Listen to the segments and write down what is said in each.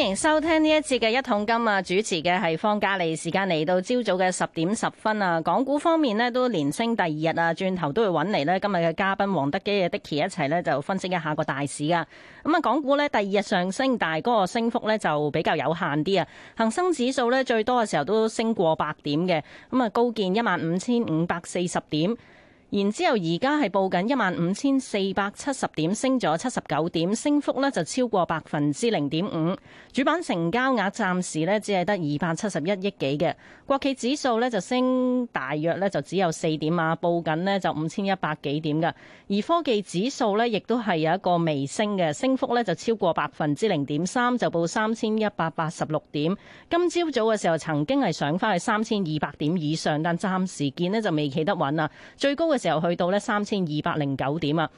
歡迎收聽呢一節嘅一桶金啊！主持嘅係方家利，時間嚟到朝早嘅十點十分啊！港股方面咧都連升第二日啊，轉頭都會揾嚟咧。今日嘅嘉賓黃德幾啊，Dicky 一齊咧就分析一下個大市噶。咁啊，港股咧第二日上升，但係嗰個升幅咧就比較有限啲啊。恒生指數咧最多嘅時候都升過百點嘅，咁啊高見一萬五千五百四十點。然之後，而家係報緊一萬五千四百七十點，升咗七十九點，升幅呢就超過百分之零點五。主板成交額暫時呢只係得二百七十一億幾嘅。國企指數呢就升大約呢就只有四點啊，報緊呢就五千一百幾點㗎。而科技指數呢亦都係有一個微升嘅，升幅呢就超過百分之零點三，就報三千一百八十六點。今朝早嘅時候曾經係上翻去三千二百點以上，但暫時見呢就未企得穩啊，最高嘅時候去到呢三千二百零九點啊！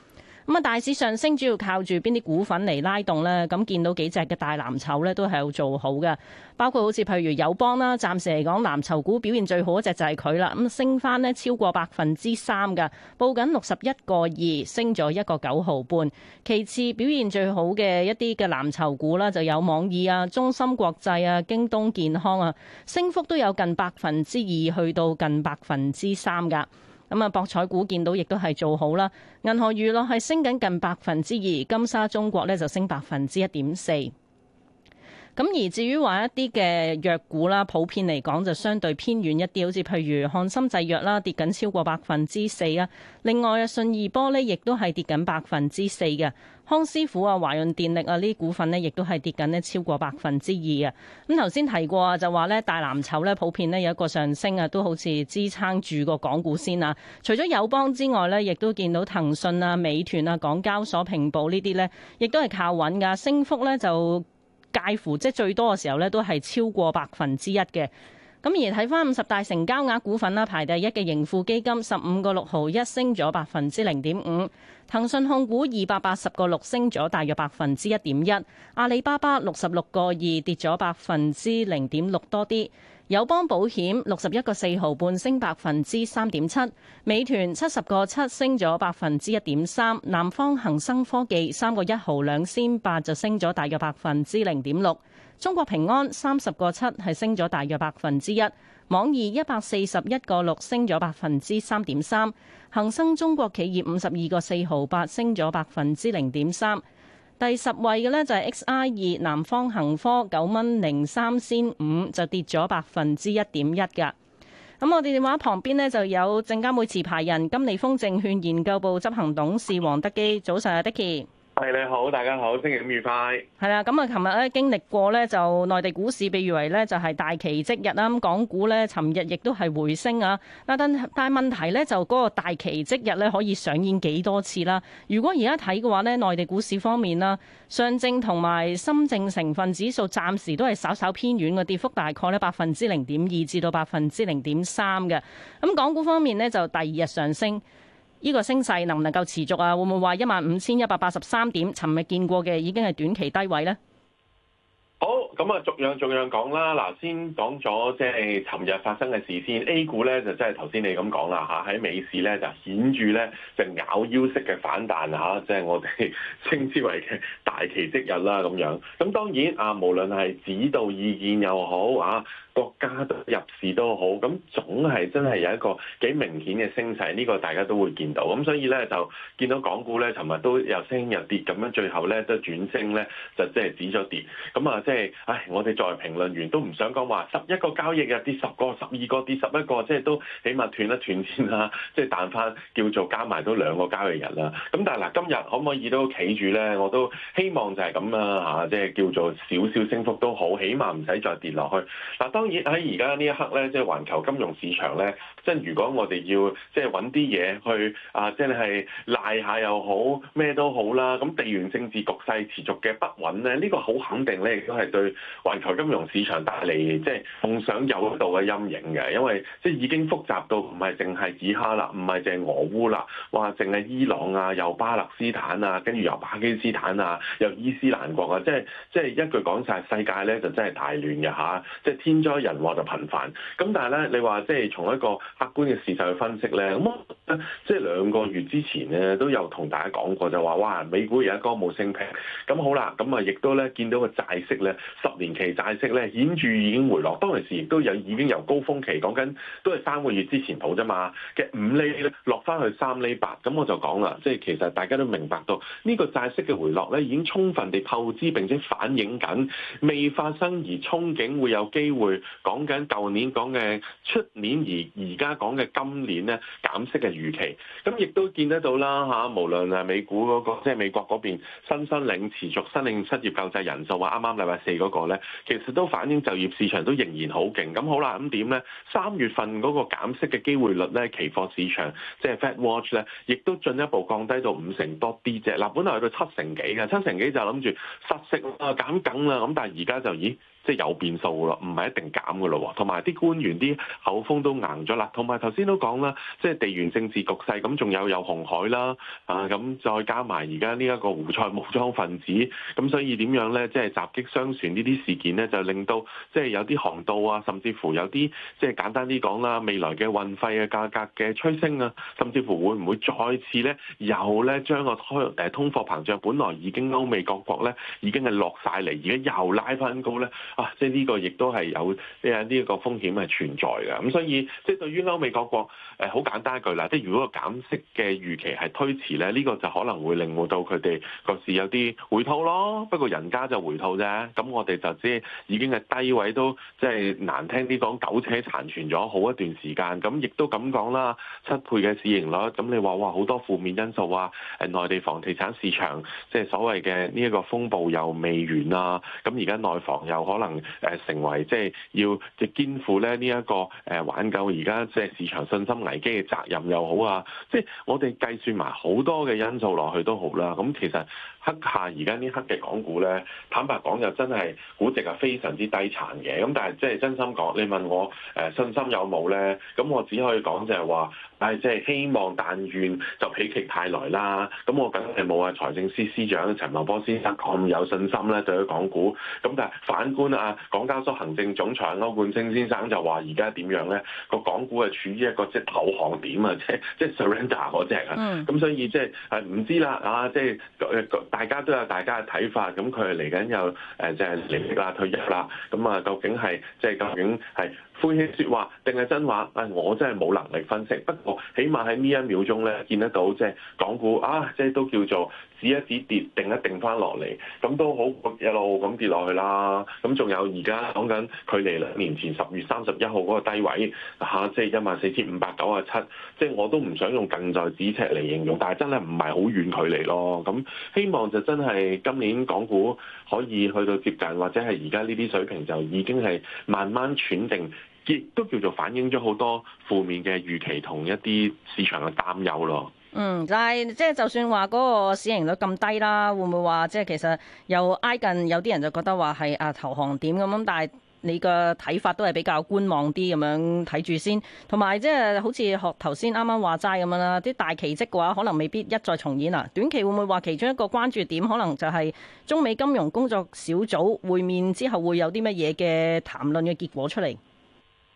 咁啊，大市上升主要靠住邊啲股份嚟拉動呢？咁見到幾隻嘅大藍籌呢，都係有做好嘅，包括好似譬如友邦啦。暫時嚟講，藍籌股表現最好嗰隻就係佢啦。咁升翻呢，超過百分之三噶，報緊六十一個二，升咗一個九毫半。其次表現最好嘅一啲嘅藍籌股啦，就有網易啊、中芯國際啊、京東健康啊，升幅都有近百分之二，去到近百分之三噶。咁啊，博彩股見到亦都係做好啦。銀河娛樂係升緊近百分之二，金沙中國呢就升百分之一點四。咁而至於話一啲嘅藥股啦，普遍嚟講就相對偏遠一啲，好似譬如漢森製藥啦，跌緊超過百分之四啊。另外啊，信義玻璃亦都係跌緊百分之四嘅。康師傅啊、華潤電力啊呢啲股份呢，亦都係跌緊咧，超過百分之二啊！咁頭先提過就話呢大藍籌呢，普遍呢有一個上升啊，都好似支撐住個港股先啊。除咗友邦之外呢，亦都見到騰訊啊、美團啊、港交所、平保呢啲呢，亦都係靠穩噶，升幅呢，就介乎即係最多嘅時候呢，都係超過百分之一嘅。咁而睇翻五十大成交額股份啦，排第一嘅盈富基金十五個六毫一升咗百分之零點五，騰訊控股二百八十個六升咗大約百分之一點一，阿里巴巴六十六個二跌咗百分之零點六多啲，友邦保險六十一個四毫半升百分之三點七，美團七十個七升咗百分之一點三，南方恒生科技三個一毫兩仙八就升咗大約百分之零點六。中國平安三十個七係升咗大約百分之一，網易一百四十一個六升咗百分之三點三，恒生中國企業五十二個四毫八升咗百分之零點三，第十位嘅呢就係 XI 二南方恒科九蚊零三仙五就跌咗百分之一點一噶。咁我哋電話旁邊呢就有證監會持牌人金利豐證券研究部執行董事黃德幾，早晨啊，Dickie。係你好，大家好，星期五愉快。係啦，咁啊，琴日咧經歷過咧，就內地股市被譽為咧就係大奇蹟日啦。咁港股咧，尋日亦都係回升啊。但但係問題咧，就嗰個大奇蹟日咧，可以上演幾多次啦？如果而家睇嘅話咧，內地股市方面啦，上證同埋深證成分指數暫時都係稍稍偏軟嘅，跌幅大概咧百分之零點二至到百分之零點三嘅。咁港股方面咧，就第二日上升。呢個升勢能唔能夠持續啊？會唔會話一萬五千一百八十三點，尋日見過嘅已經係短期低位呢？好，咁啊，逐樣逐樣講啦。嗱，先講咗即係尋日發生嘅事先。A 股咧就真係頭先你咁講啦嚇，喺美市咧就顯著咧就咬腰式嘅反彈嚇，即、啊、係、就是、我哋稱之為嘅大奇蹟日啦咁樣。咁當然啊，無論係指導意見又好啊，國家入市都好，咁總係真係有一個幾明顯嘅升勢，呢、這個大家都會見到。咁所以咧就見到港股咧，尋日都有升有跌咁樣，最後咧都轉升咧，就即係止咗跌。咁啊、就是，即係唉，我哋作為評論員都唔想講話十一個交易日跌十個、十二個跌十一個，即、就、係、是、都起碼斷一斷先啦，即係彈翻叫做加埋都兩個交易日啦。咁但係嗱，今日可唔可以都企住咧？我都希望就係咁啊，嚇，即係叫做少少升幅都好，起碼唔使再跌落去。嗱、啊，當當然喺而家呢一刻咧，即係環球金融市場咧，真如果我哋要即係揾啲嘢去啊，即、就、係、是、賴下又好，咩都好啦。咁地緣政治局勢持續嘅不穩咧，呢、這個好肯定咧，亦都係對環球金融市場帶嚟即係蒙上有度嘅陰影嘅，因為即係、就是、已經複雜到唔係淨係以哈啦，唔係淨係俄烏啦，哇，淨係伊朗啊，又巴勒斯坦啊，跟住又巴基斯坦啊，又伊斯蘭國啊，即係即係一句講晒世界咧就真係大亂嘅吓。即、啊、係、就是、天將。多人話就頻繁，咁但係咧，你話即係從一個客觀嘅事實去分析咧，咁我即係兩個月之前咧都有同大家講過，就話哇，美股有啲歌舞升平，咁好啦，咁啊亦都咧見到個債息咧，十年期債息咧顯著已經回落，當其時亦都有已經由高峰期講緊，是都係三個月之前好啫嘛嘅五釐落翻去三釐八，咁我就講啦，即係其實大家都明白到呢個債息嘅回落咧，已經充分地透支並且反映緊未發生而憧憬會有機會。講緊舊年講嘅出年而而家講嘅今年咧減息嘅預期，咁亦都見得到啦嚇。無論係美股嗰個，即係美國嗰邊新申領持續申領失業救濟人數，或啱啱禮拜四嗰個咧，其實都反映就業市場都仍然好勁。咁好啦，咁點咧？三月份嗰個減息嘅機會率咧，期貨市場即係 Fed Watch 咧，亦都進一步降低到五成多啲啫。嗱，本來去到七成幾嘅，七成幾就諗住失息啊減緊啦，咁但係而家就咦？即係有變數噶咯，唔係一定減噶咯喎。同埋啲官員啲口風都硬咗啦。同埋頭先都講啦，即係地緣政治局勢咁，仲有有紅海啦啊，咁再加埋而家呢一個胡塞武裝分子，咁所以點樣咧？即係襲擊商船呢啲事件咧，就令到即係有啲航道啊，甚至乎有啲即係簡單啲講啦，未來嘅運費嘅價格嘅趨升啊，甚至乎會唔會再次咧又咧將個通誒通貨膨脹，本來已經歐美各國咧已經係落晒嚟，而家又拉翻高咧？啊，即係呢個亦都係有即係呢一個風險係存在嘅，咁所以即係對於歐美各國,國，誒、呃、好簡單一句啦，即係如果個減息嘅預期係推遲咧，呢、這個就可能會令到到佢哋個市有啲回吐咯。不過人家就回吐啫，咁我哋就知已經係低位都即係難聽啲講苟且殘存咗好一段時間。咁亦都咁講啦，七倍嘅市盈率，咁你話哇好多負面因素啊，誒內地房地產市場即係所謂嘅呢一個風暴又未完啊，咁而家內房又可能。可能誒成為即係要即係肩負咧呢一個誒挽救，而家即係市場信心危機嘅責任又好啊！即係我哋計算埋好多嘅因素落去都好啦，咁其實。刻下而家呢刻嘅港股咧，坦白講就真係估值係非常之低殘嘅。咁但係即係真心講，你問我誒信心有冇咧？咁我只可以講就係話，誒即係希望，但願就喜極泰來啦。咁我梗係冇啊！財政司司長陳茂波先生講咁有信心咧對於港股。咁但係反觀啊，港交所行政總裁歐冠昇先生就話而家點樣咧？個港股係處於一個即投降點、嗯就是、啊，即即 surrender 嗰隻啊。咁所以即係誒唔知啦啊，即係一大家都有大家嘅睇法，咁佢嚟緊又誒，即係離職啦、退休啦，咁啊，究竟係即係究竟係。晦氣説話定係真話？誒、哎，我真係冇能力分析。不過，起碼喺呢一秒鐘咧，見得到即係港股啊，即係都叫做止一止跌，定一定翻落嚟。咁都好一路咁跌落去啦。咁仲有而家講緊距離兩年前十月三十一號嗰個低位嚇、啊，即係一萬四千五百九啊七。即係我都唔想用近在咫尺嚟形容，但係真係唔係好遠距離咯。咁希望就真係今年港股可以去到接近，或者係而家呢啲水平，就已經係慢慢喘定。亦都叫做反映咗好多負面嘅預期同一啲市場嘅擔憂咯。嗯，但係即係就算話嗰個市盈率咁低啦，會唔會話即係其實又挨近？有啲人就覺得話係啊，投行點咁樣，但係你個睇法都係比較觀望啲咁樣睇住先。同埋即係好似學頭先啱啱話齋咁樣啦，啲大奇蹟嘅話可能未必一再重演啊。短期會唔會話其中一個關注點可能就係中美金融工作小組會面之後會有啲乜嘢嘅談論嘅結果出嚟？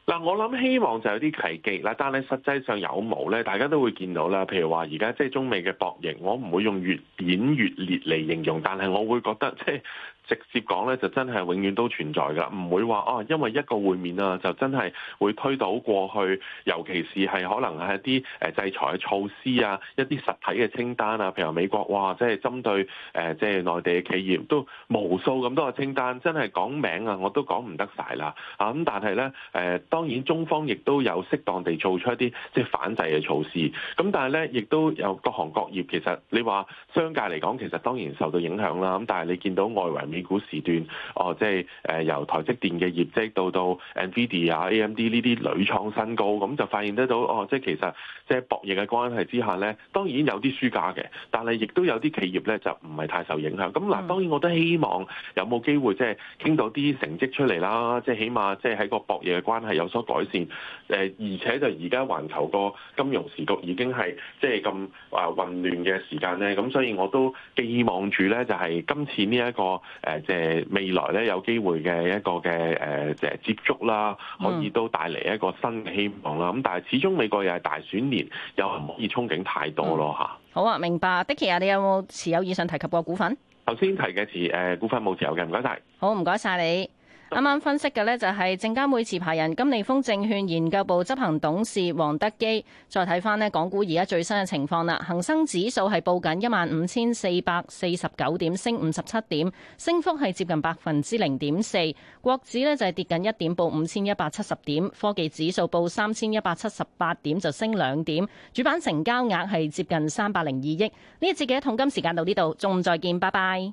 嗱，我諗希望就有啲奇蹟啦，但係實際上有冇呢，大家都會見到啦。譬如話，而家即係中美嘅博弈，我唔會用越演越烈嚟形容，但係我會覺得即係。直接講咧，就真係永遠都存在㗎喇，唔會話哦、啊，因為一個會面啊，就真係會推到過去，尤其是係可能係一啲誒制裁嘅措施啊，一啲實體嘅清單啊，譬如話美國哇，即係針對誒、呃、即係內地嘅企業都無數咁多嘅清單，真係講名啊我都講唔得晒啦啊咁，但係咧誒當然中方亦都有適當地做出一啲即係反制嘅措施，咁、啊、但係咧亦都有各行各業，其實你話商界嚟講，其實當然受到影響啦，咁但係你見到外圍。美股時段哦，即係誒由台積電嘅業績到到 NVIDIA 啊、AMD 呢啲屢創新高，咁就發現得到哦，即係其實即係博弈嘅關係之下咧，當然有啲輸家嘅，但係亦都有啲企業咧就唔係太受影響。咁嗱，當然我都希望有冇機會即係傾到啲成績出嚟啦，即係起碼即係喺個博弈嘅關係有所改善。誒，而且就而家環球個金融時局已經係即係咁啊混亂嘅時間咧，咁所以我都寄望住咧就係今次呢一個。誒即係未來咧有機會嘅一個嘅誒即係接觸啦，可以都帶嚟一個新嘅希望啦。咁但係始終美國又係大選年，又唔可以憧憬太多咯吓。好啊，明白。Dicky 啊，你有冇持有以上提及過股份？頭先提嘅係誒股份冇持有嘅，唔該晒。好，唔該晒你。啱啱分析嘅呢，就係證監會持牌人金利豐證券研究部執行董事黃德幾，再睇翻呢，港股而家最新嘅情況啦。恒生指數係報緊一萬五千四百四十九點，升五十七點，升幅係接近百分之零點四。國指呢，就係跌緊一點，報五千一百七十點。科技指數報三千一百七十八點，就升兩點。主板成交額係接近三百零二億。呢一節嘅一桶金時間到呢度，中午再見，拜拜。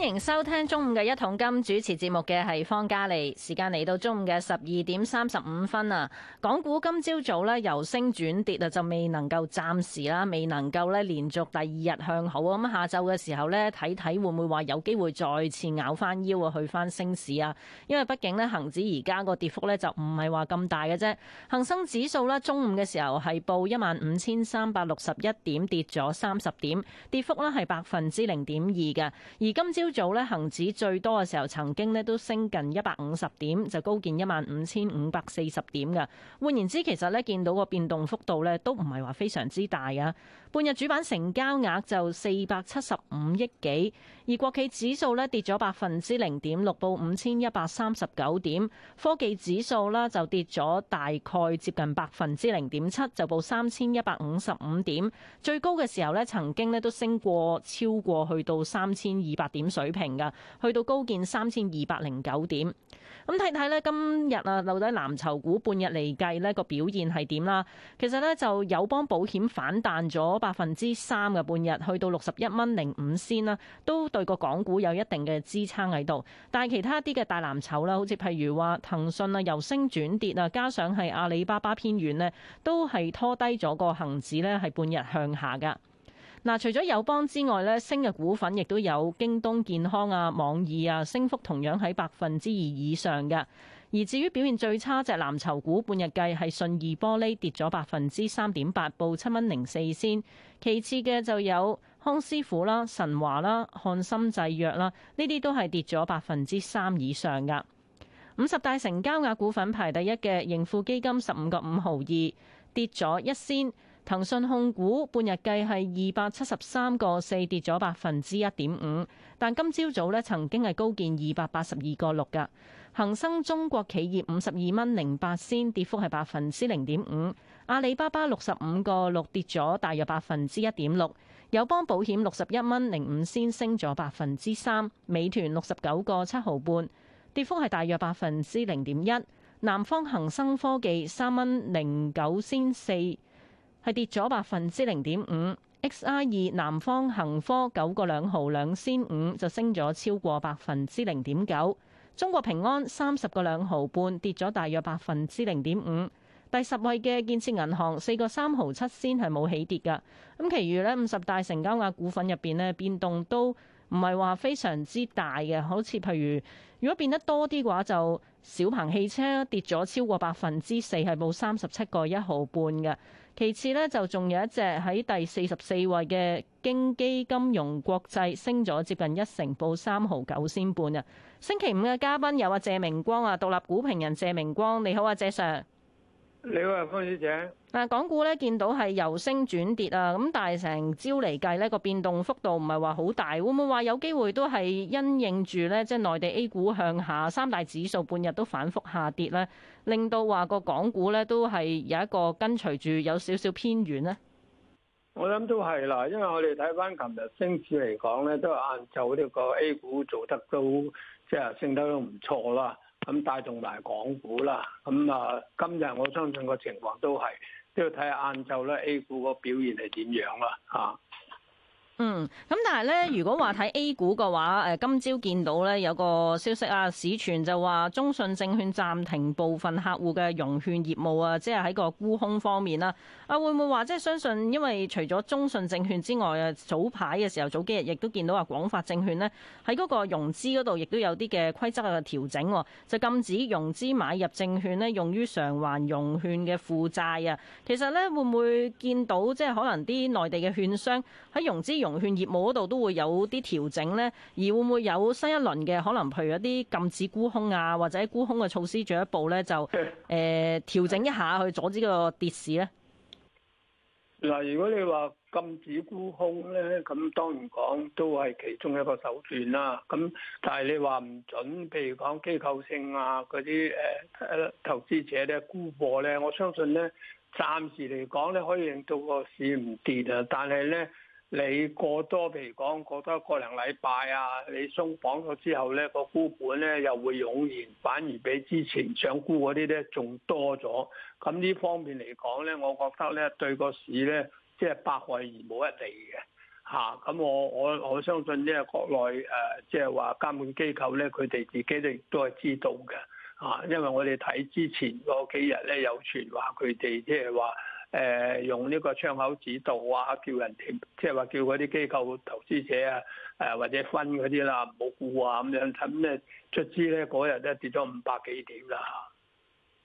歡迎收聽中午嘅一桶金，主持節目嘅係方嘉利，時間嚟到中午嘅十二點三十五分啊，港股今朝早呢由升轉跌啊，就未能夠暫時啦，未能夠呢連續第二日向好。咁下晝嘅時候呢，睇睇會唔會話有機會再次咬翻腰啊，去翻升市啊？因為畢竟呢，恒指而家個跌幅呢就唔係話咁大嘅啫。恒生指數呢，中午嘅時候係報一萬五千三百六十一點，跌咗三十點，跌幅呢係百分之零點二嘅。而今朝。早咧，恒指最多嘅時候曾經呢都升近一百五十點，就高見一萬五千五百四十點㗎。換言之，其實呢見到個變動幅度呢都唔係話非常之大呀。半日主板成交額就四百七十五億幾，而國企指數呢跌咗百分之零點六，報五千一百三十九點。科技指數啦就跌咗大概接近百分之零點七，就報三千一百五十五點。最高嘅時候呢曾經呢都升過超過去到三千二百點水平噶，去到高見三千二百零九點。咁睇睇呢，今日啊，到底藍籌股半日嚟計呢個表現係點啦？其實呢，就友邦保險反彈咗百分之三嘅半日，去到六十一蚊零五仙啦，都對個港股有一定嘅支撐喺度。但係其他啲嘅大藍籌啦，好似譬如話騰訊啊，由升轉跌啊，加上係阿里巴巴偏軟呢，都係拖低咗個恒指呢，係半日向下噶。嗱，除咗友邦之外咧，升嘅股份亦都有京東健康啊、網易啊，升幅同樣喺百分之二以上嘅。而至於表現最差隻藍籌股，半日計係信義玻璃跌咗百分之三點八，報七蚊零四仙。其次嘅就有康師傅啦、神華啦、翰森製藥啦，呢啲都係跌咗百分之三以上嘅。五十大成交額股份排第一嘅盈富基金十五個五毫二，跌咗一仙。騰訊控股半日計係二百七十三個四，跌咗百分之一點五。但今朝早咧，曾經係高見二百八十二個六噶。恒生中國企業五十二蚊零八仙，跌幅係百分之零點五。阿里巴巴六十五個六，跌咗大約百分之一點六。友邦保險六十一蚊零五仙，升咗百分之三。美團六十九個七毫半，跌幅係大約百分之零點一。南方恒生科技三蚊零九仙四。係跌咗百分之零點五，XI 二南方恒科九個兩毫兩仙五就升咗超過百分之零點九，中國平安三十個兩毫半跌咗大約百分之零點五，第十位嘅建設銀行四個三毫七仙係冇起跌㗎，咁其餘呢，五十大成交額股份入邊呢，變動都唔係話非常之大嘅，好似譬如如果變得多啲嘅話就。小鵬汽車跌咗超過百分之四，係報三十七個一毫半嘅。其次呢，就仲有一隻喺第四十四位嘅京基金融國際升咗接近一成，報三毫九仙半啊。星期五嘅嘉賓有啊謝明光啊，獨立股評人謝明光，你好啊謝 Sir。你好啊，方小姐。嗱，港股咧見到係由升轉跌啊，咁但係成朝嚟計咧個變動幅度唔係話好大，會唔會話有機會都係因應住咧即係內地 A 股向下，三大指數半日都反覆下跌咧，令到話個港股咧都係有一個跟隨住有少少偏遠咧？我諗都係啦，因為我哋睇翻琴日升市嚟講咧，都晏晝呢個 A 股做得都即係、就是、升得都唔錯啦。咁帶動埋港股啦，咁啊今日我相信個情況都係都要睇下晏晝咧 A 股個表現係點樣啦，吓。嗯，咁但係咧，如果話睇 A 股嘅話，誒、呃、今朝見到咧有個消息啊，市傳就話中信證券暫停部分客戶嘅融券業務啊，即係喺個沽空方面啦。啊，會唔會話即係相信，因為除咗中信證券之外，啊早排嘅時候早幾日亦都見到啊廣發證券咧喺嗰個融資嗰度亦都有啲嘅規則嘅調整，啊，就禁止融資買入證券咧用於償還融券嘅負債啊。其實咧會唔會見到即係可能啲內地嘅券商喺融資融融券業務嗰度都會有啲調整咧，而會唔會有新一輪嘅可能？譬如有啲禁止沽空啊，或者沽空嘅措施進一步咧，就誒、呃、調整一下去阻止個跌市咧。嗱，如果你話禁止沽空咧，咁當然講都係其中一個手段啦。咁但係你話唔準，譬如講機構性啊嗰啲誒投資者咧沽貨咧，我相信咧暫時嚟講咧可以令到個市唔跌啊，但係咧。你過多，譬如講過多個零禮拜啊，你鬆綁咗之後咧，個沽本咧又會湧現，反而比之前搶沽嗰啲咧仲多咗。咁呢方面嚟講咧，我覺得咧對個市咧即係百害而冇一利嘅嚇。咁我我我相信即係國內誒，即係話監管機構咧，佢哋自己都亦都係知道嘅嚇，因為我哋睇之前嗰幾日咧有傳話佢哋即係話。誒用呢個窗口指導啊，叫人點，即係話叫嗰啲機構投資者啊，誒或者分嗰啲啦，唔好沽啊咁樣，咁咧出資咧嗰日咧跌咗五百幾點啦。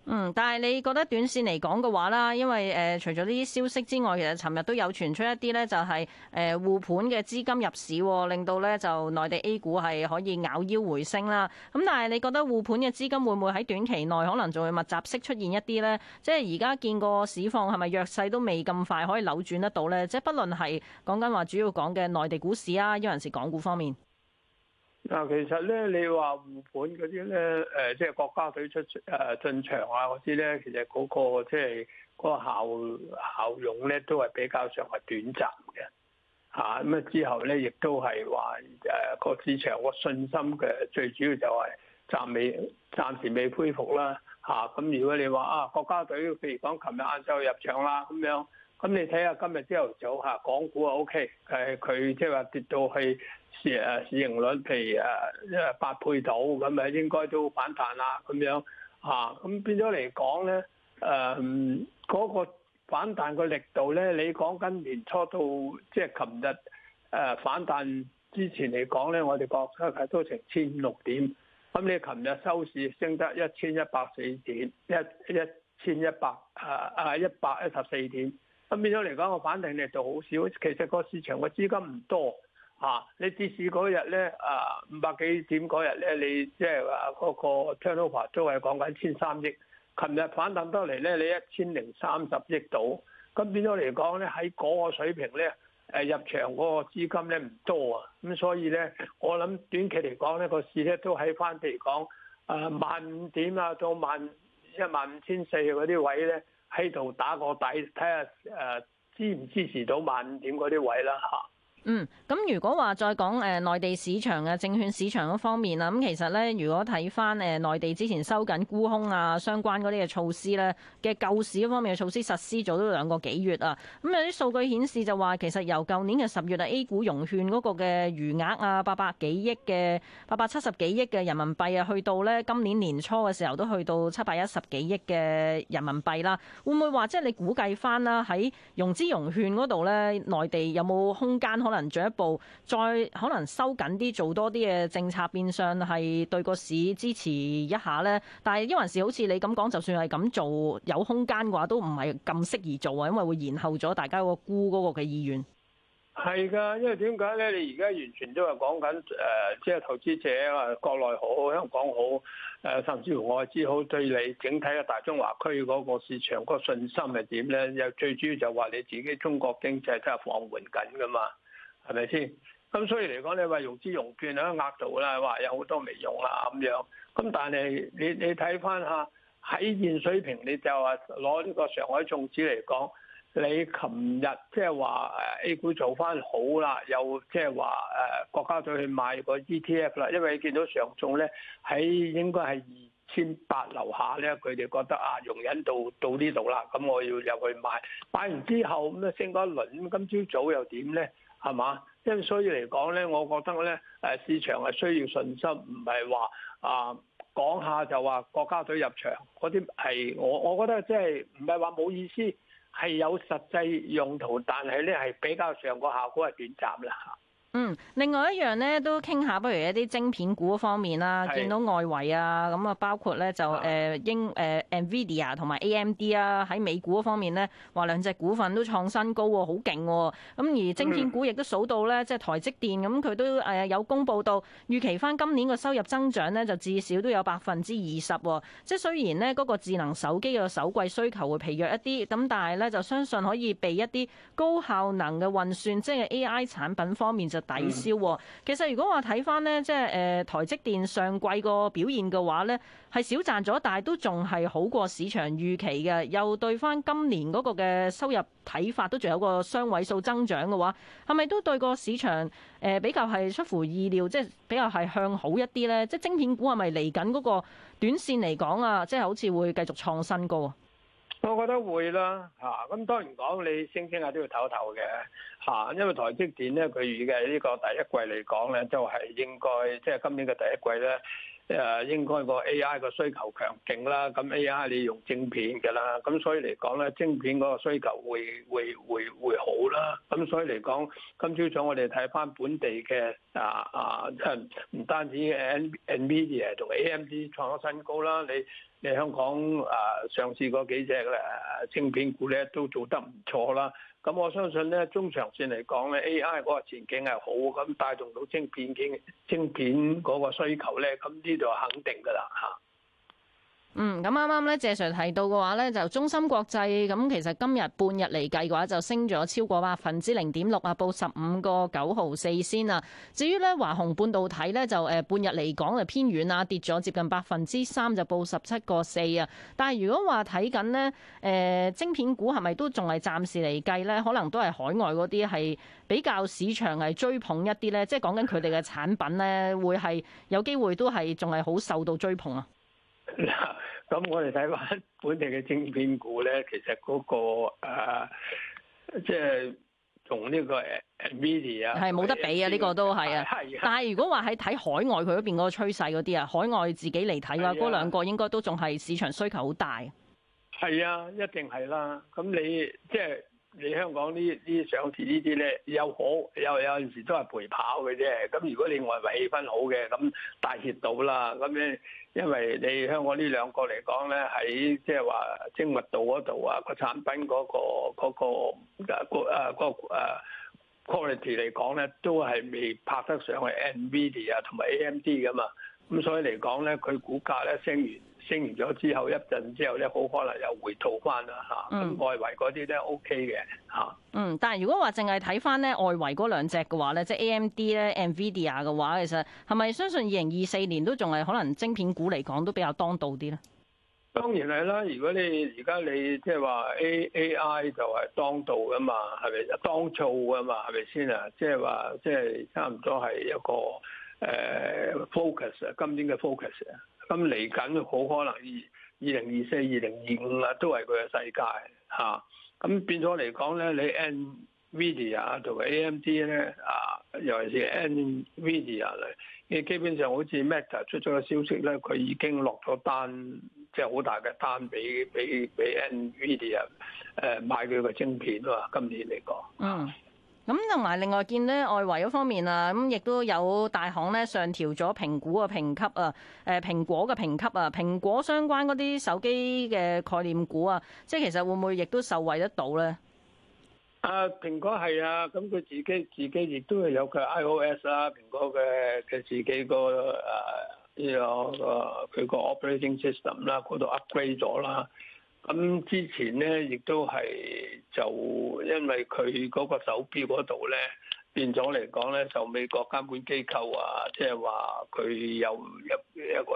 嗯，但係你覺得短線嚟講嘅話啦，因為誒、呃、除咗呢啲消息之外，其實尋日都有傳出一啲呢、就係，就係誒護盤嘅資金入市，令到呢就內地 A 股係可以咬腰回升啦。咁但係你覺得護盤嘅資金會唔會喺短期內可能仲會密集式出現一啲呢？即係而家見個市況係咪弱勢都未咁快可以扭轉得到呢？即係不論係講緊話主要講嘅內地股市啊，亦還是港股方面。嗱，其實咧，你話護盤嗰啲咧，誒，即係國家隊出誒、呃、進場啊嗰啲咧，其實嗰、嗰個即係嗰個效效用咧，都係比較上係短暫嘅嚇。咁啊之後咧，亦都係話誒個市場個信心嘅最主要就係暫未暫時未恢復啦嚇。咁、啊、如果你話啊國家隊譬如講琴日晏晝入場啦咁樣。咁你睇下今日朝頭早嚇，港股啊 O K，誒佢即係話跌到去市誒市盈率，譬如誒因為八倍到，咁咪應該都反彈啦咁樣嚇。咁、啊、變咗嚟講咧，誒、呃、嗰、那個反彈個力度咧，你講緊年初到即係琴日誒反彈之前嚟講咧，我哋覺得都係都成千五六點。咁你琴日收市升得一千一百四點，一一千一百啊啊一百一十四點。咁變咗嚟講，個反彈力就好少。其實個市場個資金唔多嚇、啊。你跌市嗰日咧，誒五百幾點嗰日咧，你即係話嗰個 turnover 都係講緊千三億。琴日反彈得嚟咧，你一千零三十億度。咁變咗嚟講咧，喺嗰個水平咧，誒、啊、入場嗰個資金咧唔多呢啊。咁所以咧，我諗短期嚟講咧，個市咧都喺翻譬如講啊萬五點啊到萬一萬五千四嗰啲位咧。喺度打個底，睇下誒支唔支持到萬五點嗰啲位啦吓。嗯，咁如果話再講誒內地市場嘅證券市場嗰方面啦，咁其實咧，如果睇翻誒內地之前收緊沽空啊相關嗰啲嘅措施咧嘅救市嗰方面嘅措施實施咗都兩個幾月啊，咁有啲數據顯示就話其實由舊年嘅十月啊，A 股融券嗰個嘅餘額啊，八百幾億嘅八百七十幾億嘅人民幣啊，去到咧今年年初嘅時候都去到七百一十幾億嘅人民幣啦啊，會唔會話即係你估計翻啦喺融資融券嗰度咧，內地有冇空間可能？可能進一步再可能收緊啲，做多啲嘅政策，變相係對個市支持一下咧。但係，一環市好似你咁講，就算係咁做，有空間嘅話，都唔係咁適宜做啊，因為會延後咗大家個沽嗰個嘅意願。係㗎，因為點解咧？你而家完全都係講緊誒，即係投資者啊，國內好，香港好，誒、呃、甚至乎外資好，對你整體嘅大中華區嗰個市場，個信心係點咧？又最主要就話你自己中國經濟真係放緩緊㗎嘛。係咪先？咁所以嚟講，你話融資融券啊額度啦，話有好多未用啦咁樣。咁但係你你睇翻下喺現水平，你就話攞呢個上海綜指嚟講，你琴日即係話誒 A 股做翻好啦，又即係話誒國家隊去買個 ETF 啦。因為你見到上綜咧喺應該係二千八樓下咧，佢哋覺得啊容忍度到到呢度啦，咁我要入去買。買完之後咁咧升咗一輪，咁今朝早又點咧？係嘛？因為所以嚟講咧，我覺得咧，誒市場係需要信心，唔係話啊講下就話國家隊入場嗰啲係我，我覺得即係唔係話冇意思，係有實際用途，但係咧係比較上個效果係短暫啦嚇。嗯，另外一樣咧都傾下，不如一啲晶片股方面啦，是見到外圍啊，咁啊包括咧就誒英誒是、呃、Nvidia 同埋 AMD 啊，喺美股方面呢，話兩隻股份都創新高，好勁喎。咁、哦、而晶片股亦都數到咧，嗯、即係台積電咁，佢都誒有公布到預期翻今年嘅收入增長呢，就至少都有百分之二十喎。即係雖然呢，嗰個智能手機嘅首季需求會疲弱一啲，咁但係咧就相信可以被一啲高效能嘅運算，即係 AI 產品方面就。抵消。嗯、其實，如果話睇翻呢，即係誒台積電上季個表現嘅話呢，係少賺咗，但係都仲係好過市場預期嘅。又對翻今年嗰個嘅收入睇法，都仲有個雙位數增長嘅話，係咪都對個市場誒比較係出乎意料，即係比較係向好一啲呢？即係晶片股係咪嚟緊嗰個短線嚟講啊？即係好似會繼續創新高啊？我覺得會啦，嚇、啊！咁當然講你升升下都要唞一唞嘅，嚇、啊！因為台積電咧，佢預計呢個第一季嚟講咧，就係、是、應該即係、就是、今年嘅第一季咧。誒應該個 AI 個需求強勁啦，咁 AI 你用晶片嘅啦，咁所以嚟講咧，晶片嗰個需求會會會會好啦，咁所以嚟講，今朝早我哋睇翻本地嘅啊啊，唔、啊、單止嘅 NVIDIA 同 AMD 創咗新高啦，你你香港啊上市嗰幾隻嘅晶片股咧都做得唔錯啦。咁我相信咧，中長線嚟講咧，A.I. 嗰個前景係好，咁帶動到晶片經、晶片嗰個需求咧，咁呢度肯定噶啦嚇。嗯，咁啱啱咧，謝 Sir 提到嘅話咧，就中芯國際咁，其實今日半日嚟計嘅話，就升咗超過百分之零點六啊，報十五個九毫四先啊。至於咧華虹半導體咧，就誒半日嚟講就偏軟啊，跌咗接近百分之三，就報十七個四啊。但係如果話睇緊呢誒晶片股係咪都仲係暫時嚟計咧？可能都係海外嗰啲係比較市場係追捧一啲咧，即係講緊佢哋嘅產品咧，會係有機會都係仲係好受到追捧啊。嗱，咁我哋睇翻本地嘅晶片股咧，其實嗰、嗰個即係同呢個誒誒 Nvidia 啊，係冇得比啊！呢個都係啊。的的但係如果話喺睇海外佢嗰邊嗰個趨勢嗰啲啊，海外自己嚟睇嘅話，嗰的兩個應該都仲係市場需求好大。係啊，一定係啦。咁你即係你香港次呢啲上市呢啲咧，又好有有陣時都係陪跑嘅啫。咁如果你外圍氣氛好嘅，咁大熱到啦，咁咧。因為你香港呢兩個嚟講咧，喺即係話精密度嗰度、嗰個嗰個嗰個嗰個、啊，個產品嗰個嗰個誒 quality 嚟講咧，都係未拍得上去 NVIDIA 啊同埋 AMD 噶嘛，咁所以嚟講咧，佢股價咧升完。升完咗之後一陣之後咧，好可能又回吐翻啦嚇。咁、啊、外圍嗰啲咧 O K 嘅嚇。啊、嗯，但係如果話淨係睇翻咧外圍嗰兩隻嘅話咧，即係 A M D 咧、N V D A 嘅話，其實係咪相信二零二四年都仲係可能晶片股嚟講都比較當道啲咧？當然係啦，如果你而家你即係、就、話、是、A A I 就係當道噶嘛，係咪當造噶嘛，係咪先啊？即係話即係差唔多係一個誒、呃、focus 啊，今年嘅 focus 啊。咁嚟緊好可能二二零二四、二零二五啊，都係佢嘅世界嚇。咁變咗嚟講咧，你 NVIDIA 啊同埋 AMD 咧啊，尤其是 NVIDIA 嚟，佢基本上好似 Meta 出咗個消息咧，佢已經落咗單，即係好大嘅單俾俾俾 NVIDIA 誒買佢個晶片啊！今年嚟講，嗯。咁同埋另外見咧外圍嗰方面啊，咁亦都有大行咧上調咗評估嘅評級啊，誒蘋果嘅評級啊，蘋果相關嗰啲手機嘅概念股啊，即係其實會唔會亦都受惠得到咧？啊蘋果係啊，咁佢自己自己亦都係有佢個 iOS 啦，蘋果嘅佢自己個誒呢個佢個 operating system 啦，嗰度 upgrade 咗啦。咁之前咧，亦都係就因為佢嗰個手錶嗰度咧變咗嚟講咧，就美國監管機構啊，即係話佢有一一個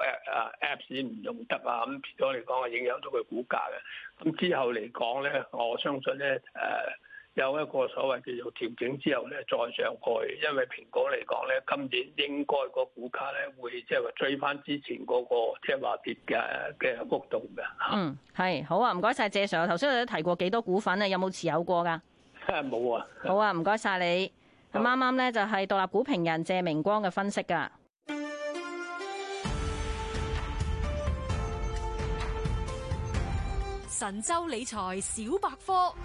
apps 唔用得啊，咁變咗嚟講啊，影響到佢股價嘅。咁之後嚟講咧，我相信咧誒。呃有一個所謂叫做調整之後咧，再上去，因為蘋果嚟講咧，今年應該個股價咧會即係話追翻之前嗰個即係話跌嘅嘅幅度嘅。嗯，係好啊，唔該晒謝 Sir。頭先我都提過幾多股份啊，有冇持有過噶？冇啊。好啊，唔該晒你。啱啱咧就係獨立股評人謝明光嘅分析噶。神州理財小百科。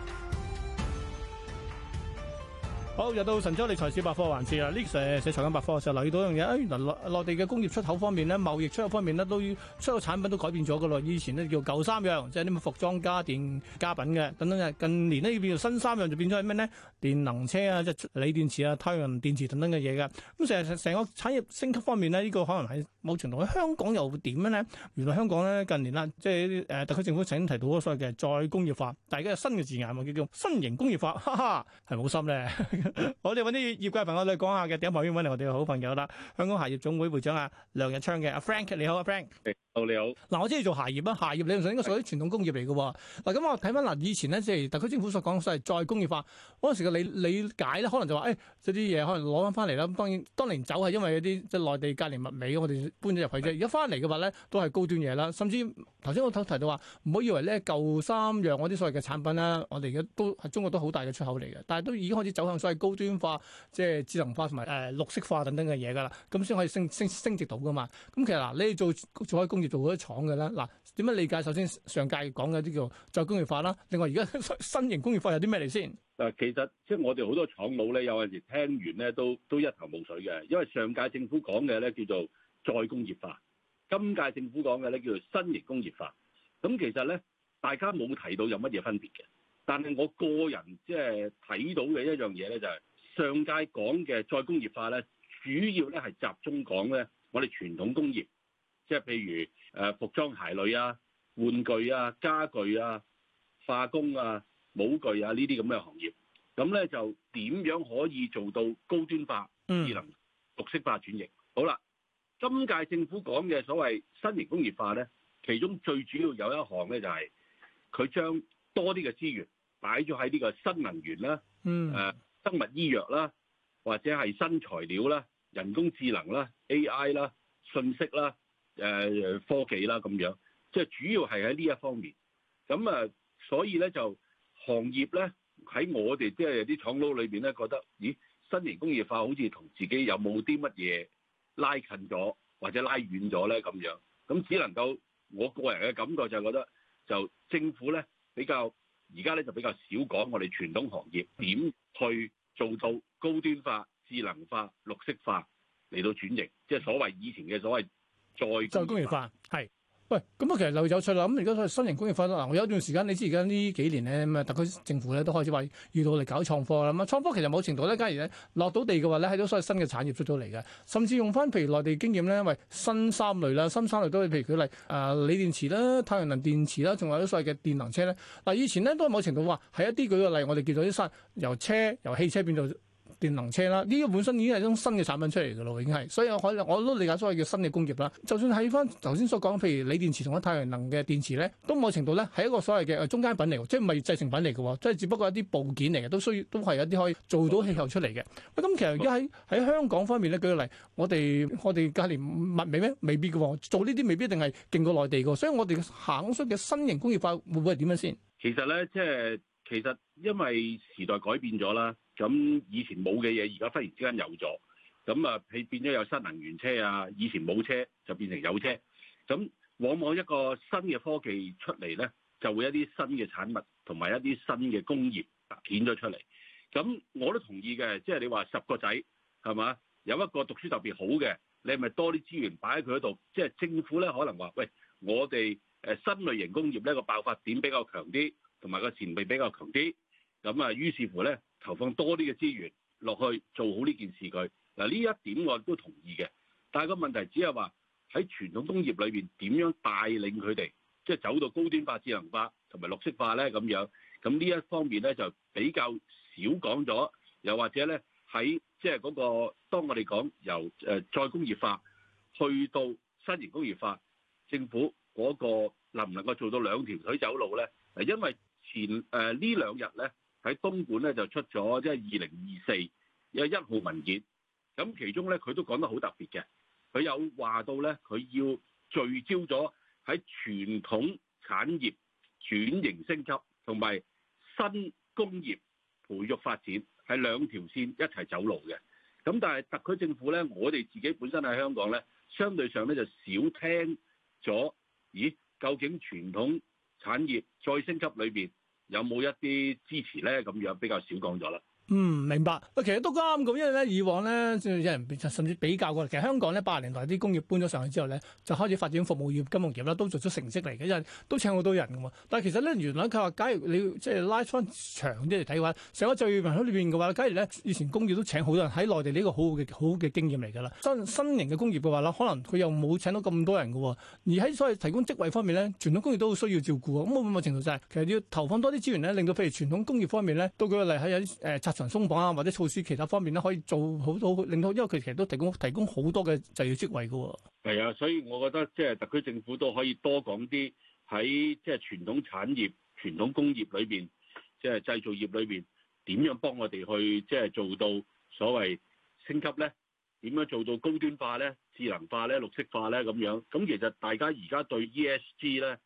好，又到神州理財小百科環節啦。Nicholas 寫財經百科嘅時候留意到一樣嘢，哎，內內內地嘅工業出口方面咧，貿易出口方面咧，都出口產品都改變咗嘅咯。以前咧叫舊三樣，即係啲乜服裝、家電、家品嘅等等嘅。近年咧要變做新三樣，就變咗係咩咧？電能車啊，即係鋰電池啊、太陽電池等等嘅嘢嘅。咁成日成成個產業升級方面咧，呢、這個可能係某程度喺香港又點樣咧？原來香港咧近年啦，即係誒、呃、特區政府曾經提到過所謂嘅再工業化，但係而家有新嘅字眼啊，叫做新型工業化，哈哈，係冇心咧。 我哋揾啲業界朋友嚟講下嘅，第一位揾嚟我哋嘅好朋友啦。香港鞋業總會會長啊，梁日昌嘅，阿 Frank 你好，啊 Frank。你好，嗱我知係做鞋業啦，鞋業理論上應該屬於傳統工業嚟嘅。嗱咁我睇翻嗱，以前咧即係特區政府所講所謂再工業化嗰陣時嘅理理解咧，可能就話誒，一啲嘢，可能攞翻翻嚟啦。咁當然當年走係因為一啲即係內地價廉物美，我哋搬咗入去啫。而家翻嚟嘅話咧，都係高端嘢啦。甚至頭先我提到話，唔好以為咧舊三樣嗰啲所謂嘅產品啦，我哋而家都係中國都好大嘅出口嚟嘅。但係都已經開始走向所謂高端化，即係智能化同埋誒綠色化等等嘅嘢噶啦，咁先可以升升升值到噶嘛。咁其實嗱，你做做開工。做咗啲廠嘅啦，嗱，點樣理解？首先上屆講嘅啲叫再工業化啦，另外而家新型工業化有啲咩嚟先？嗱，其實即係我哋好多廠佬咧，有陣時聽完咧都都一頭霧水嘅，因為上屆政府講嘅咧叫做再工業化，今屆政府講嘅咧叫做新型工業化。咁其實咧，大家冇提到有乜嘢分別嘅，但係我個人即係睇到嘅一樣嘢咧就係上屆講嘅再工業化咧，主要咧係集中講咧我哋傳統工業。即係譬如誒服裝鞋類啊、玩具啊、家具啊、化工啊、武具啊呢啲咁嘅行業，咁咧就點樣可以做到高端化、智能、綠色化轉型？Mm. 好啦，今屆政府講嘅所謂新型工業化咧，其中最主要有一項咧就係佢將多啲嘅資源擺咗喺呢個新能源啦、誒、mm. 呃、生物醫藥啦、或者係新材料啦、人工智能啦、AI 啦、信息啦。誒科技啦，咁樣即係主要係喺呢一方面。咁啊，所以咧就行業咧喺我哋即係啲廠佬裏邊咧，覺得咦，新型工業化好似同自己有冇啲乜嘢拉近咗，或者拉遠咗咧咁樣。咁只能夠我個人嘅感覺就係覺得，就政府咧比較而家咧就比較少講我哋傳統行業點去做到高端化、智能化、綠色化嚟到轉型，即係所謂以前嘅所謂。再工業化係，化是喂，咁啊，其實又有趣啦。咁而家所謂新型工業化啦，嗱，我有一段時間，你知而家呢幾年咧，咁啊，特區政府咧都開始話要到嚟搞創科啦。咁啊，創科其實某程度咧，假如落到地嘅話咧，係都所謂新嘅產業出咗嚟嘅，甚至用翻譬如內地經驗咧，因為新三類啦，新三類都係譬如舉例啊，鋰電池啦、太陽能電池啦，仲有啲所謂嘅電能車咧。嗱，以前咧都係某程度話係一啲，舉個例，我哋叫做啲新由車由汽車變到。電能車啦，呢個本身已經係一種新嘅產品出嚟嘅咯，已經係，所以我可以我都理解所謂叫新嘅工業啦。就算睇翻頭先所講，譬如鋰電池同埋太陽能嘅電池咧，都某程度咧係一個所謂嘅中間品嚟，即係唔係製成品嚟嘅，即係只不過係一啲部件嚟嘅，都需要都係一啲可以做到氣候出嚟嘅。咁其實喺喺香港方面咧，舉個例，我哋我哋近年物美咩？未必嘅，做呢啲未必一定係勁過內地嘅，所以我哋行出嘅新型工業化會唔會係點樣先？其實咧，即係其實因為時代改變咗啦。咁以前冇嘅嘢，而家忽然之間有咗，咁啊，佢變咗有新能源車啊！以前冇車就變成有車，咁往往一個新嘅科技出嚟呢，就會一啲新嘅產物同埋一啲新嘅工業啊顯咗出嚟。咁我都同意嘅，即係你話十個仔係嘛，有一個讀書特別好嘅，你咪多啲資源擺喺佢嗰度。即係政府呢，可能話喂，我哋誒新類型工業呢個爆發點比較強啲，同埋個潛力比較強啲，咁啊，於是乎呢。投放多啲嘅資源落去做好呢件事佢。嗱，呢一點我都同意嘅，但係個問題只係話喺傳統工業裏邊點樣帶領佢哋即係走到高端化、智能化同埋綠色化呢。咁樣，咁呢一方面呢，就比較少講咗，又或者呢，喺即係嗰個當我哋講由誒、呃、再工業化去到新型工業化，政府嗰個能唔能夠做到兩條腿走路呢？啊，因為前誒呢兩日呢。呃喺東莞咧就出咗即係二零二四有一號文件，咁其中咧佢都講得好特別嘅，佢有話到咧佢要聚焦咗喺傳統產業轉型升級同埋新工業培育發展係兩條線一齊走路嘅，咁但係特區政府咧，我哋自己本身喺香港咧，相對上咧就少聽咗，咦？究竟傳統產業再升級裏邊，有冇一啲支持呢？咁樣比較少講咗啦。嗯，明白。喂，其實都啱咁，因為咧，以往咧，即係有人甚至比較過，其實香港咧，八十年代啲工業搬咗上去之後咧，就開始發展服務業、金融業啦，都做出成績嚟嘅，因為都請好多人嘅喎。但係其實咧，原來佢話，話，假如你即係拉翻長啲嚟睇嘅話，成個就業環境裏邊嘅話，假如咧以前工業都請好多人喺內地呢個好好嘅、好好嘅經驗嚟㗎啦。新新型嘅工業嘅話，可能佢又冇請到咁多人嘅喎。而喺所謂提供職位方面咧，傳統工業都好需要照顧。咁我冇程度就係、是，其實要投放多啲資源咧，令到譬如傳統工業方面咧，到舉個例喺有層鬆綁啊，或者措施其他方面咧，可以做好多，令到因為佢其實都提供提供好多嘅製業職位嘅。哦。係啊，所以我覺得即係特區政府都可以多講啲喺即係傳統產業傳統工業裏邊，即係製造業裏邊點樣幫我哋去即係做到所謂升級咧？點樣做到高端化咧、智能化咧、綠色化咧咁樣，咁其實大家而家對 ESG 咧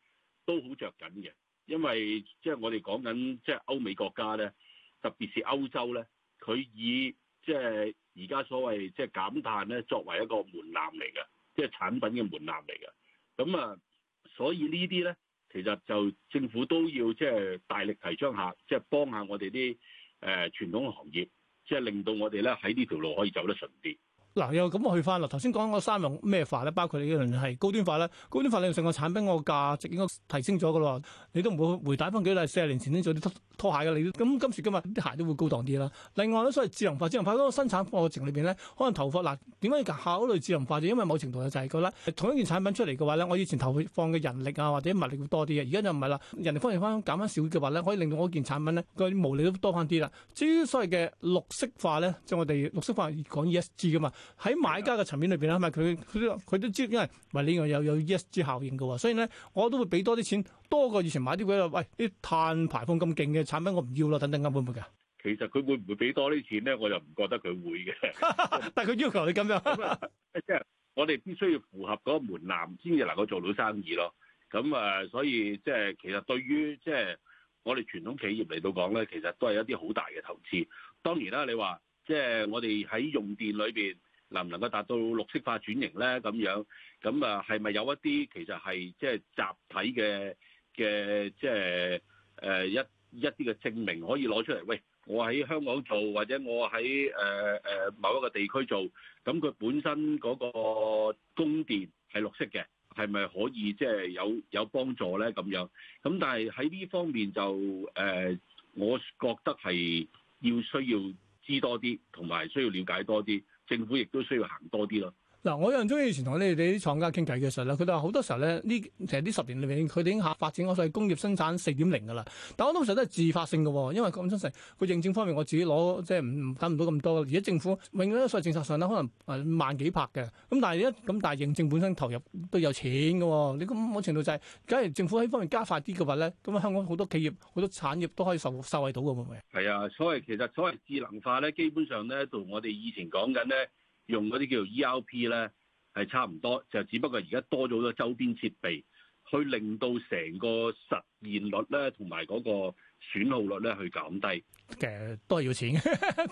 都好着緊嘅，因為即係我哋講緊即係歐美國家咧。特別是歐洲咧，佢以即係而家所謂即係減碳咧，作為一個門檻嚟嘅，即係產品嘅門檻嚟嘅。咁啊，所以呢啲咧，其實就政府都要即係大力提倡下，即係幫下我哋啲誒傳統行業，即係令到我哋咧喺呢條路可以走得順啲。嗱，又咁我去翻啦。頭先講嗰三樣咩化咧，包括你嘅係高端化咧。高端化你成個產品個價值應該提升咗噶咯。你都唔會回帶翻幾耐。四十年前先做啲拖鞋嘅你都，咁今時今日啲鞋都會高檔啲啦。另外咧，所謂智能化、智能化嗰個生產過程裏邊咧，可能投放，嗱，點解要考慮智能化？就因為某程度就係覺得同一件產品出嚟嘅話咧，我以前投放嘅人力啊或者物力會多啲嘅，而家就唔係啦。人力方面反而翻減翻少嘅話咧，可以令到我件產品咧個毛利都多翻啲啦。至於所謂嘅綠色化咧，就我哋綠色化講 ESG 噶嘛。喺買家嘅層面裏邊咧，咪佢佢佢都知，因為唔係另外有有溢、yes、出效應嘅喎，所以咧我都會俾多啲錢多過以前買，啲佢話喂，啲碳排放咁勁嘅產品我唔要啦，等等，咁會唔會嘅？其實佢會唔會俾多啲錢咧？我就唔覺得佢會嘅， 但係佢要求你咁樣， 嗯、即係我哋必須要符合嗰個門檻先至能夠做到生意咯。咁、嗯、啊，所以即係其實對於即係我哋傳統企業嚟到講咧，其實都係一啲好大嘅投資。當然啦，你話即係我哋喺用電裏邊。能唔能夠達到綠色化轉型咧？咁樣咁啊，係咪有一啲其實係即係集體嘅嘅，即係誒一一啲嘅證明可以攞出嚟？喂，我喺香港做，或者我喺誒誒某一個地區做，咁佢本身嗰個供電係綠色嘅，係咪可以即係、就是、有有幫助咧？咁樣咁，但係喺呢方面就誒、呃，我覺得係要需要知多啲，同埋需要了解多啲。政府亦都需要行多啲咯。嗱，我有人中意以前同你哋啲廠家傾偈嘅時候咧，佢哋話好多時候咧，其實呢十年裏面，佢哋已經下發展咗所謂工業生產四點零㗎啦。但係我當時都係自發性㗎喎，因為咁真實。佢認證方面，我自己攞即係唔等唔到咁多。而家政府永遠都所謂政策上咧，可能誒萬幾百嘅。咁但係一咁但係認證本身投入都有錢㗎喎。你咁某程度就係、是，假如政府喺呢方面加快啲嘅話咧，咁啊香港好多企業、好多產業都可以受受惠到㗎，會唔會？係啊，所謂其實所謂智能化咧，基本上咧同我哋以前講緊咧。用嗰啲叫做 ERP 咧，係差唔多，就只不過而家多咗好多周邊設備，去令到成個實現率咧同埋嗰個。損耗率咧去減低嘅都係要錢，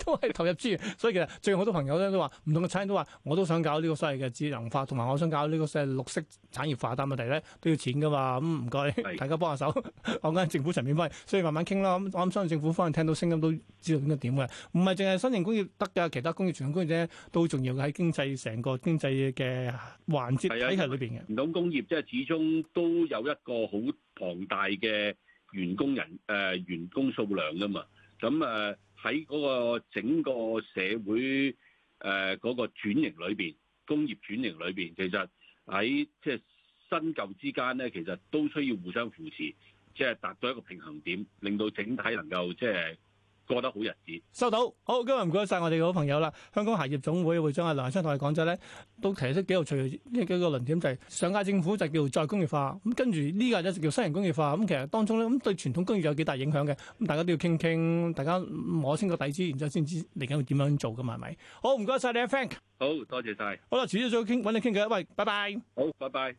都係投入資源。所以其實最近好多朋友咧都話，唔同嘅產業都話，我都想搞呢個所謂嘅智能化，同埋我想搞呢個所謂綠色產業化呢。但問題咧都要錢噶嘛。咁唔該，大家幫下手。講緊是 政府層面翻，所以慢慢傾啦。咁我諗相信政府翻去聽到聲音都知道應該點嘅。唔係淨係新型工業得㗎，其他工業、傳統工業咧都好重要喺經濟，成個經濟嘅環節體系裏邊嘅。唔同工業即係始終都有一個好龐大嘅。員工人誒、呃、員工數量㗎嘛，咁誒喺嗰個整個社會誒嗰個轉型裏邊，工業轉型裏邊，其實喺即係新舊之間咧，其實都需要互相扶持，即係達到一個平衡點，令到整體能夠即係。過得好日子。收到，好，今日唔該晒我哋嘅好朋友啦。香港鞋業總會會長阿梁生同我哋講咗咧，都提出幾條趣呢幾個論點，就係、是、上屆政府就叫再工業化，咁跟住呢個就叫新型工業化。咁其實當中咧，咁對傳統工業有幾大影響嘅。咁大家都要傾傾，大家摸清個底子，然之後先知嚟緊會點樣做噶嘛？係咪？好，唔該晒你，Frank 好多謝晒。好啦，遲啲再傾，搵你傾偈。喂，拜拜。好，拜拜。